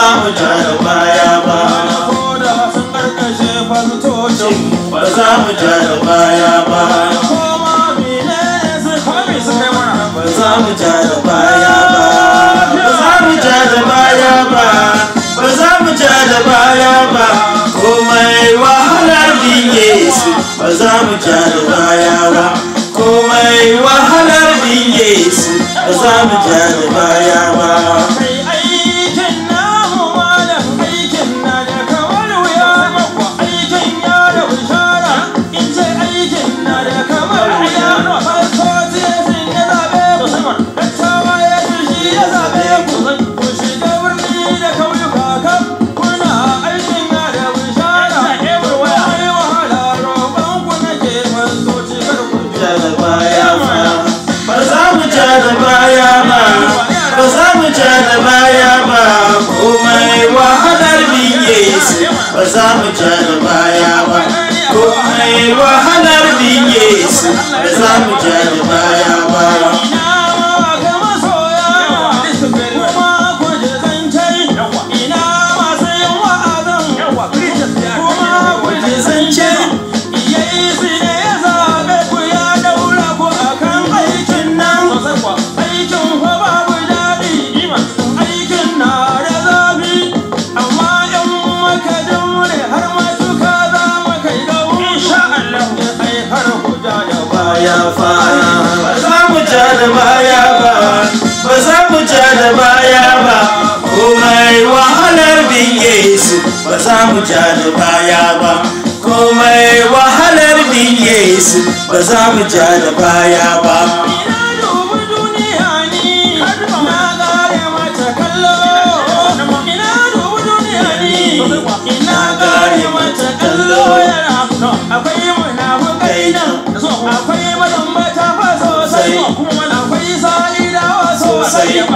za mu ja baya ba ko da ba za mu ja baya ba ko ma ba za mu ja baya ba ba za mu ja baya ba ba za mu ja ba komai wahalar dinye su ba za mu baya Amen. baya ba komai wahalar bin yesu ba za mu ja da baya ba akwai munafukai nan akwai mazan mata fa sosai akwai sa'idawa sosai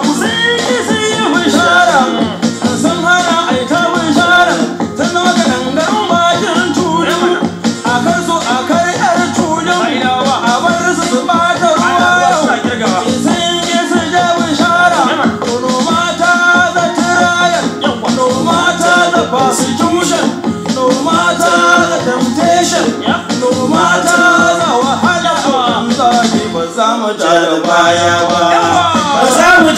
persecution, no matter the temptation, no matter the wahala, ba za mu da baya ba. Ba za mu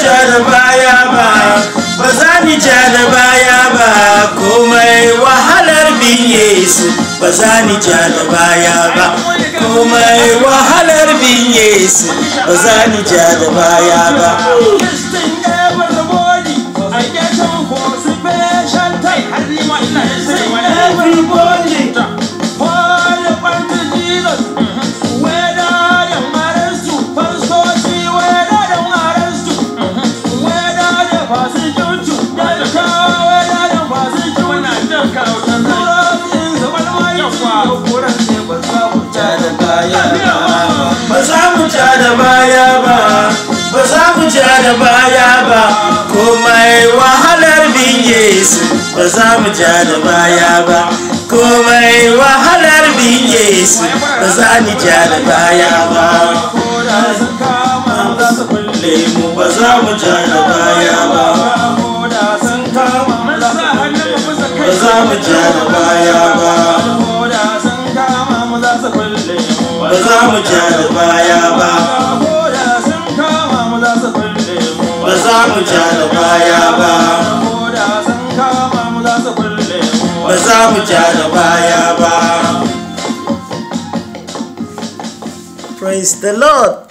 ja da baya ba, komai wahalar biye su, ba za ni ja da baya ba. baya ba ba mu ja baya ba komai wahalar su ba za mu ja da baya ba komai wahalar biye su ba za ni ja da baya ba kulle mu ba za mu ja da baya ba ba za mu ja da baya ba ba za mu ja da baya ba ba za mu ja da baya ba praise the lord